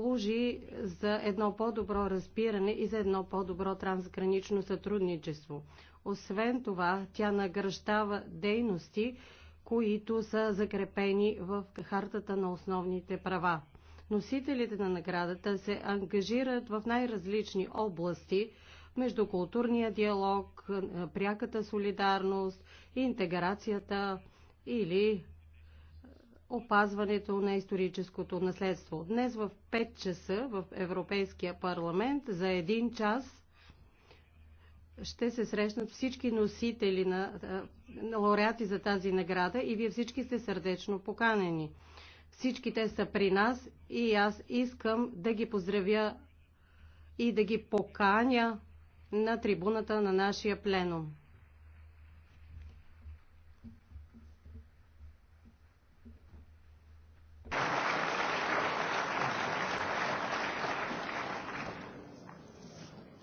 служи за едно по-добро разбиране и за едно по-добро трансгранично сътрудничество. Освен това, тя награждава дейности, които са закрепени в хартата на основните права. Носителите на наградата се ангажират в най-различни области, между културния диалог, пряката солидарност, интеграцията или опазването на историческото наследство. Днес в 5 часа в Европейския парламент за един час ще се срещнат всички носители на, на лауреати за тази награда и вие всички сте сърдечно поканени. Всички те са при нас и аз искам да ги поздравя и да ги поканя на трибуната на нашия пленум.